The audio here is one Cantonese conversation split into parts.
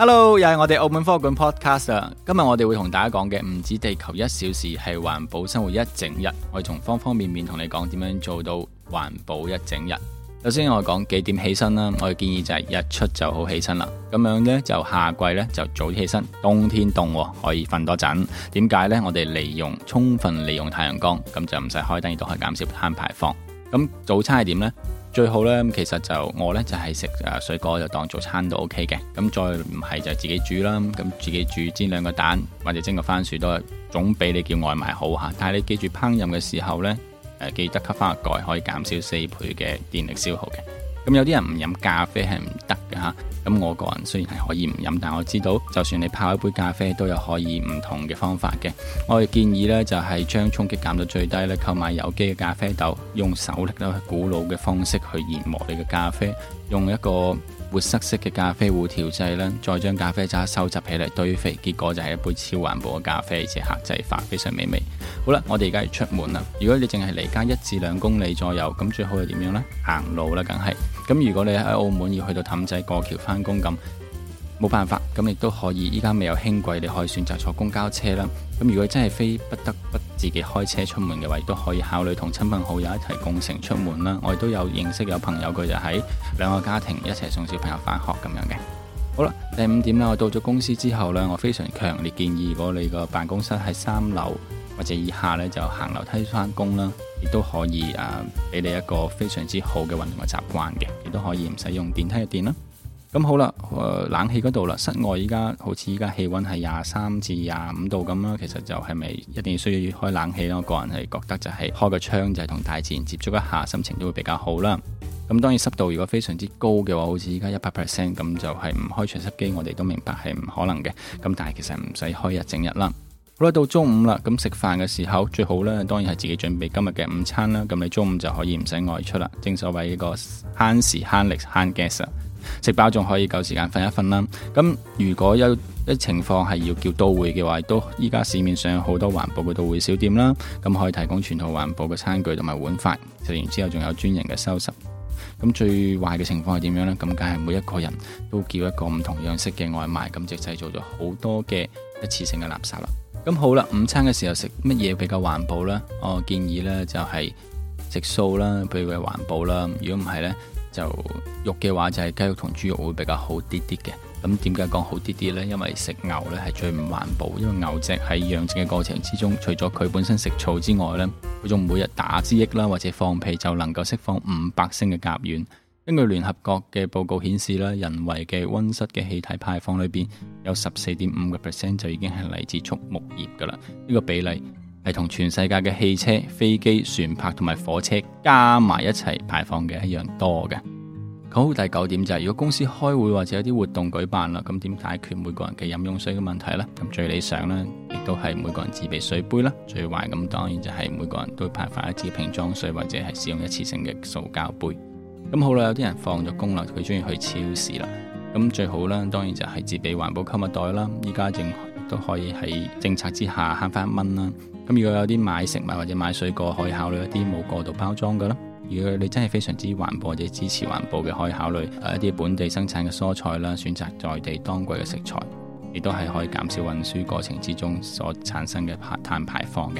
Hello，又係我哋澳門科學館 Podcast 啦。今日我哋會同大家講嘅唔止地球一小時，係環保生活一整日。我哋從方方面面同你講點樣做到環保一整日。首先我講幾點起身啦。我哋建議就係日出就好起身啦。咁樣呢，就夏季呢，就早起身，冬天凍可以瞓多陣。點解呢？我哋利用充分利用太陽光，咁就唔使開燈，亦都可以減少碳排放。咁早餐係點呢？最好呢，其實就我呢，就係食誒水果就當早餐都 O K 嘅。咁再唔係就自己煮啦。咁自己煮煎兩個蛋或者蒸個番薯都係總比你叫外賣好嚇。但係你記住烹飪嘅時候呢，誒、啊，記得吸翻個蓋，可以減少四倍嘅電力消耗嘅。咁有啲人唔飲咖啡係唔得嘅吓，咁我個人雖然係可以唔飲，但我知道就算你泡一杯咖啡，都有可以唔同嘅方法嘅。我嘅建議呢就係、是、將衝擊減到最低呢，購買有機嘅咖啡豆，用手拎呢古老嘅方式去研磨你嘅咖啡，用一個活塞式嘅咖啡壺調製啦，再將咖啡渣收集起嚟堆肥，結果就係一杯超環保嘅咖啡，而且客製化非常美味。好啦，我哋而家要出門啦。如果你淨係離家一至兩公里左右，咁最好係點樣呢？行路啦，梗係。咁如果你喺澳門要去到氹仔過橋翻工咁，冇辦法，咁亦都可以。依家未有輕軌，你可以選擇坐公交車啦。咁如果真係非不得不得自己開車出門嘅話，亦都可以考慮同親朋好友一齊共乘出門啦。我亦都有認識有朋友佢就喺、是、兩個家庭一齊送小朋友返學咁樣嘅。好啦，第五點啦，我到咗公司之後呢，我非常強烈建議，如果你個辦公室喺三樓或者以下呢，就行樓梯翻工啦，亦都可以誒、啊、俾你一個非常之好嘅運動嘅習慣嘅，亦都可以唔使用，用電梯嘅電啦。咁好啦，冷氣嗰度啦，室外依家好似依家氣温係廿三至廿五度咁啦，其實就係咪一定要需要開冷氣咯？個人係覺得就係開個窗就係同大自然接觸一下，心情都會比較好啦。咁當然濕度如果非常之高嘅話，好似依家一百 percent 咁，就係唔開除濕機，我哋都明白係唔可能嘅。咁但係其實唔使開日整日啦。好啦，到中午啦，咁食飯嘅時候最好呢，當然係自己準備今日嘅午餐啦。咁你中午就可以唔使外出啦，正所謂呢個慳時慳力慳 gas。食飽仲可以夠時間瞓一瞓啦。咁如果有一情況係要叫都會嘅話，都依家市面上有好多環保嘅都會小店啦。咁可以提供全套環保嘅餐具同埋碗筷，食完之後仲有專人嘅收拾。咁最壞嘅情況係點樣呢？咁梗係每一個人都叫一個唔同樣式嘅外賣，咁就製造咗好多嘅一次性嘅垃圾啦。咁好啦，午餐嘅時候食乜嘢比較環保呢？我建議呢就係食素啦，譬如話環保啦。如果唔係呢。就肉嘅話就係雞肉同豬肉會比較好啲啲嘅，咁點解講好啲啲呢？因為食牛呢係最唔環保，因為牛隻喺養殖嘅過程之中，除咗佢本身食草之外呢，佢仲每日打支益啦，或者放屁就能夠釋放五百升嘅甲烷。根據聯合國嘅報告顯示啦，人為嘅溫室嘅氣體排放裏邊有十四點五個 percent 就已經係嚟自畜牧業噶啦，呢個比例。係同全世界嘅汽車、飛機、船舶同埋火車加埋一齊排放嘅一樣多嘅。好，第九點就係、是、如果公司開會或者有啲活動舉辦啦，咁點解決每個人嘅飲用水嘅問題呢？咁最理想呢，亦都係每個人自備水杯啦。最壞咁當然就係每個人都派發一支瓶裝水或者係使用一次性嘅塑膠杯。咁好啦，有啲人放咗工啦，佢中意去超市啦。咁最好啦，當然就係自備環保購物袋啦。而家正。都可以喺政策之下慳翻一蚊啦。咁如果有啲買食物或者買水果，可以考慮一啲冇過度包裝嘅啦。如果你真係非常之環保或者支持環保嘅，可以考慮一啲本地生產嘅蔬菜啦，選擇在地當季嘅食材，亦都係可以減少運輸過程之中所產生嘅碳、碳排放嘅。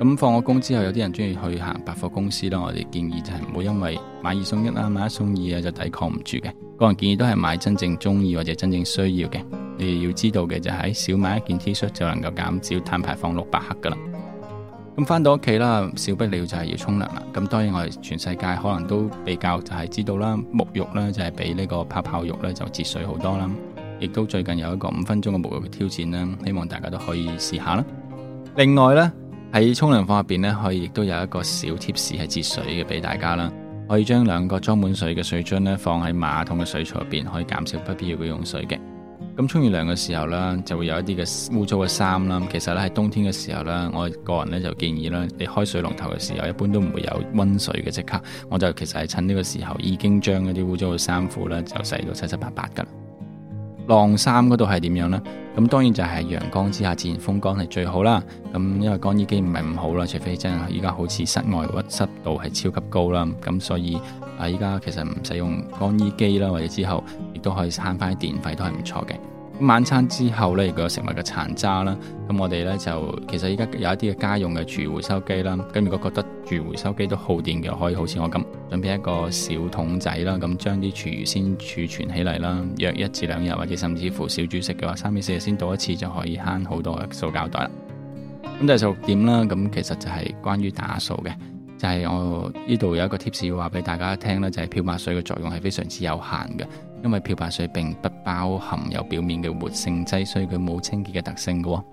咁放咗工之後，有啲人中意去行百貨公司啦，我哋建議就係唔好因為買二送一啊，買一送二啊，就抵抗唔住嘅。個人建議都係買真正中意或者真正需要嘅。你要知道嘅就喺少買一件 T 恤就能夠減少碳排放六百克噶啦。咁翻到屋企啦，少不了就係要沖涼啦。咁當然我哋全世界可能都比教就係知道啦，沐浴呢就係比呢個泡泡浴呢就節水好多啦。亦都最近有一個五分鐘嘅沐浴嘅挑戰啦，希望大家都可以試下啦。另外呢，喺沖涼房入邊呢，可以亦都有一個小 t 士 p s 係節水嘅俾大家啦，可以將兩個裝滿水嘅水樽呢放喺馬桶嘅水槽入邊，可以減少不必要嘅用水嘅。咁沖完涼嘅時候咧，就會有一啲嘅污糟嘅衫啦。其實咧，喺冬天嘅時候咧，我個人咧就建議咧，你開水龍頭嘅時候，一般都唔會有温水嘅。即刻我就其實係趁呢個時候，已經將嗰啲污糟嘅衫褲咧就洗到七七八八噶啦。晾衫嗰度係點樣咧？咁當然就係陽光之下自然風乾係最好啦。咁因為乾衣機唔係唔好啦，除非真係依家好似室外濕濕度係超級高啦。咁所以。啊！依家其實唔使用乾衣機啦，或者之後亦都可以慳翻啲電費，都係唔錯嘅。晚餐之後呢，個食物嘅殘渣啦，咁我哋呢，就其實依家有一啲嘅家用嘅廚餘回收機啦，咁如果覺得廚餘回收機都耗電嘅，可以好似我咁準備一個小桶仔啦，咁將啲廚餘先儲存起嚟啦，約一至兩日或者甚至乎少煮食嘅話，三至四日先倒一次就可以慳好多嘅塑膠袋啦。咁就係十六點啦，咁其實就係關於打掃嘅。就係我呢度有一個 tips 要話俾大家聽咧，就係、是、漂白水嘅作用係非常之有限嘅，因為漂白水並不包含有表面嘅活性劑，所以佢冇清潔嘅特性嘅喎。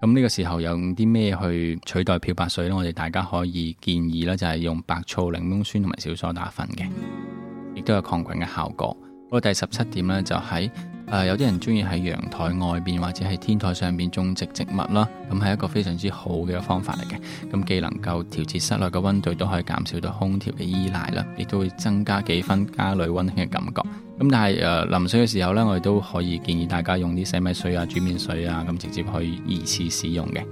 咁呢個時候有用啲咩去取代漂白水呢？我哋大家可以建議呢，就係用白醋、檸檬酸同埋小蘇打粉嘅，亦都有抗菌嘅效果。嗰、那個第十七點呢，就喺、是。誒、呃，有啲人中意喺陽台外邊或者喺天台上邊種植植物啦，咁係一個非常之好嘅方法嚟嘅。咁既能夠調節室內嘅溫度，都可以減少到空調嘅依賴啦，亦都會增加幾分家裏溫馨嘅感覺。咁但係誒、呃、淋水嘅時候呢，我哋都可以建議大家用啲洗米水啊、煮麵水啊，咁直接去二次使用嘅。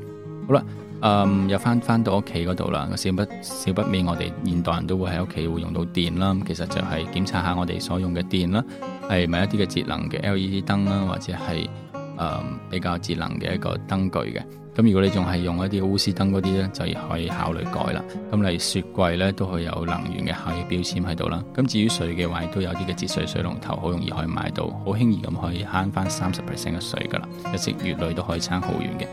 好啦。嗯，又翻翻到屋企嗰度啦。少不少不免，我哋現代人都會喺屋企會用到電啦。其實就係檢查下我哋所用嘅電啦，係咪一啲嘅節能嘅 LED 燈啦，或者係誒、嗯、比較節能嘅一個燈具嘅。咁如果你仲係用一啲鎢絲燈嗰啲咧，就可以考慮改啦。咁例如雪櫃咧都係有能源嘅效益標籤喺度啦。咁至於水嘅話，都有啲嘅節水水龍頭，好容易可以買到，好輕易咁可以慳翻三十 percent 嘅水噶啦，日積月累都可以慳好遠嘅。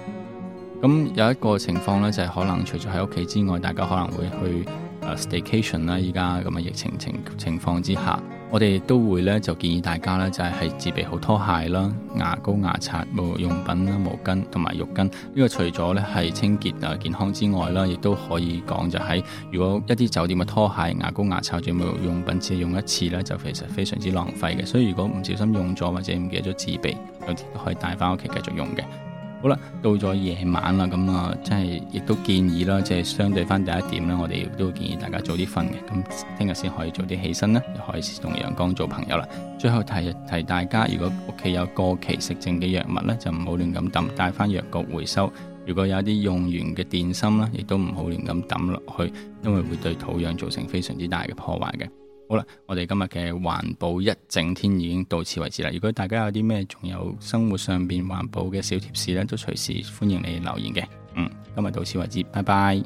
咁、嗯、有一個情況咧，就係、是、可能除咗喺屋企之外，大家可能會去誒 staycation 啦。依家咁嘅疫情情情況之下，我哋都會咧就建議大家咧，就係、是、係自備好拖鞋啦、牙膏牙刷沐浴用品啦、毛巾同埋浴巾。肉呢個除咗咧係清潔誒健康之外啦，亦都可以講就喺、是、如果一啲酒店嘅拖鞋、牙膏牙刷仲有沐浴用品只係用一次咧，就其實非常之浪費嘅。所以如果唔小心用咗或者唔記得咗自備，有啲可以帶翻屋企繼續用嘅。好啦，到咗夜晚啦，咁、嗯、啊，即係亦都建議啦，即係相對翻第一點啦，我哋亦都建議大家早啲瞓嘅，咁聽日先可以早啲起身啦，又可以同陽光做朋友啦。最後提提大家，如果屋企有過期食剩嘅藥物咧，就唔好亂咁抌，帶翻藥局回收。如果有啲用完嘅電芯啦，亦都唔好亂咁抌落去，因為會對土壤造成非常之大嘅破壞嘅。好啦，我哋今日嘅環保一整天已經到此為止啦。如果大家有啲咩仲有生活上面環保嘅小貼士咧，都隨時歡迎你留言嘅。嗯，今日到此為止，拜拜。